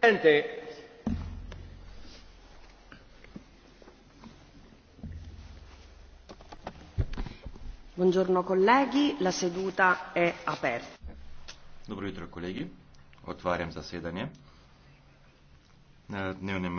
presidente buongiorno colleghi la seduta è aperta dobro jutro colleghi otvarjam zasedanje na dnevnem redu je